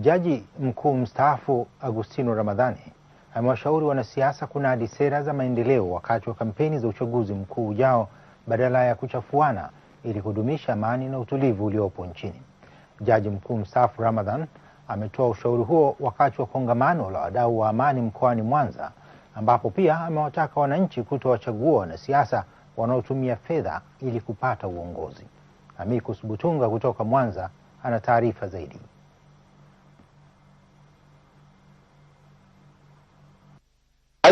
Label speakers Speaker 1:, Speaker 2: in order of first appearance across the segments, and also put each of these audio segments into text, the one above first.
Speaker 1: Jaji mkuu mstaafu Agustino Ramadhani amewashauri wanasiasa kunadi sera za maendeleo wakati wa kampeni za uchaguzi mkuu ujao badala ya kuchafuana ili kudumisha amani na utulivu uliopo nchini. Jaji mkuu mstaafu Ramadhan ametoa ushauri huo wakati wa kongamano la wadau wa amani mkoani Mwanza, ambapo pia amewataka wananchi kutowachagua wanasiasa wanaotumia fedha ili kupata uongozi. Amikus Butunga kutoka Mwanza ana taarifa zaidi.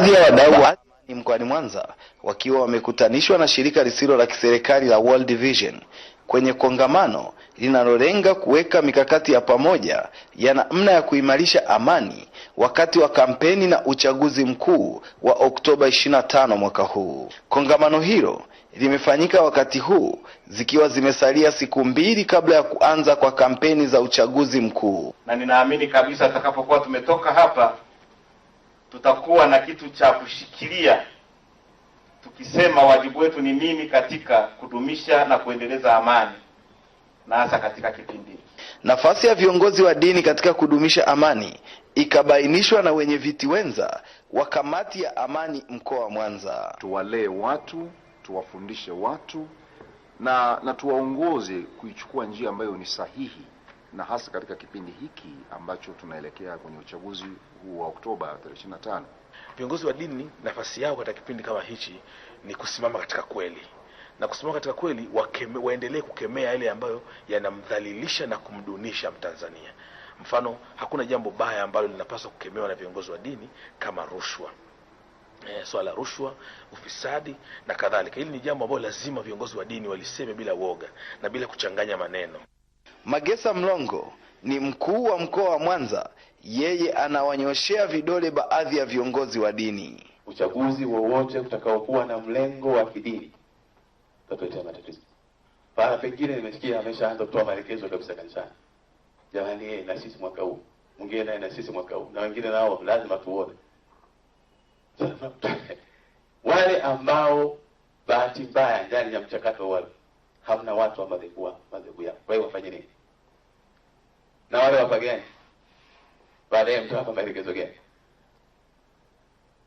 Speaker 2: Baadhi ya wadau wa mkoani Mwanza wakiwa wamekutanishwa na shirika lisilo la kiserikali la World Vision kwenye kongamano linalolenga kuweka mikakati ya pamoja ya namna ya kuimarisha amani wakati wa kampeni na uchaguzi mkuu wa Oktoba 25 mwaka huu. Kongamano hilo limefanyika wakati huu zikiwa zimesalia siku mbili kabla ya kuanza kwa kampeni za uchaguzi mkuu,
Speaker 3: na ninaamini kabisa atakapokuwa tumetoka hapa tutakuwa na kitu cha kushikilia tukisema wajibu wetu ni nini katika kudumisha na kuendeleza amani na hasa katika kipindi hiki.
Speaker 2: Nafasi ya viongozi wa dini katika kudumisha amani ikabainishwa na wenye viti wenza wa kamati ya amani mkoa wa Mwanza.
Speaker 4: Tuwalee watu, tuwafundishe watu na, na tuwaongoze kuichukua njia ambayo ni sahihi na hasa katika kipindi hiki ambacho tunaelekea kwenye uchaguzi huu wa Oktoba 25.
Speaker 5: Viongozi wa dini nafasi yao katika kipindi kama hichi ni kusimama katika kweli na kusimama katika kweli wakeme, waendelee kukemea yale ambayo yanamdhalilisha na kumdunisha Mtanzania. Mfano, hakuna jambo baya ambalo linapaswa kukemewa na viongozi wa dini kama rushwa. E, swala rushwa, ufisadi na kadhalika. Hili ni jambo ambalo lazima viongozi wa dini waliseme bila woga na bila kuchanganya maneno.
Speaker 2: Magesa Mlongo ni mkuu wa mkoa wa Mwanza, yeye anawanyoshea vidole baadhi ya viongozi wa dini.
Speaker 6: Uchaguzi wowote utakaokuwa na mlengo wa kidini utatuletea matatizo. Pahala pengine nimesikia ameshaanza kutoa maelekezo kabisa kanisani, jamani, yeye na sisi mwaka huu, mwingine naye na sisi mwaka huu, na wengine nao lazima tuone wale ambao bahati mbaya ndani ya mchakato wale hamna watu wa madhehebu yao, kwa hiyo wafanye hapa gani? Baadaye mtawapa maelekezo gani?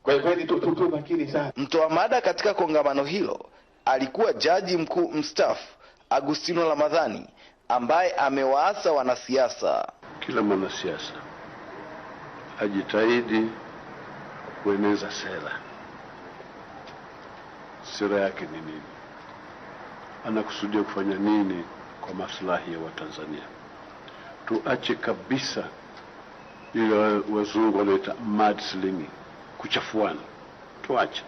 Speaker 6: Kwa kweli tu tu makini sana.
Speaker 2: Mtoa mada katika kongamano hilo alikuwa jaji mkuu mstafu Agustino Ramadhani ambaye amewaasa wanasiasa,
Speaker 7: kila mwanasiasa ajitahidi kueneza sera. Sera yake ni nini? Anakusudia kufanya nini kwa maslahi ya Watanzania? tuache kabisa ile wazungu wanaita mudslinging, kuchafuana, tuache,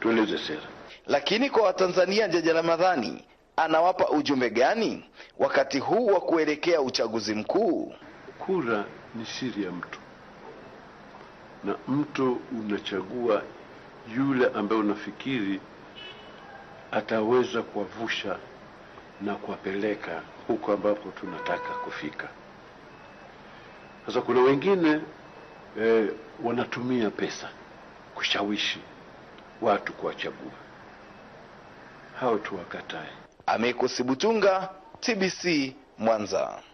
Speaker 7: tueleze sera.
Speaker 2: Lakini kwa Watanzania, Jaji Ramadhani anawapa ujumbe gani wakati huu wa kuelekea uchaguzi mkuu?
Speaker 7: Kura ni siri ya mtu, na mtu unachagua yule ambaye unafikiri ataweza kuwavusha na kuwapeleka huko ambapo tunataka kufika. Sasa kuna wengine e, wanatumia pesa kushawishi watu kuwachagua, hao tuwakatae.
Speaker 2: sibutunga TBC Mwanza.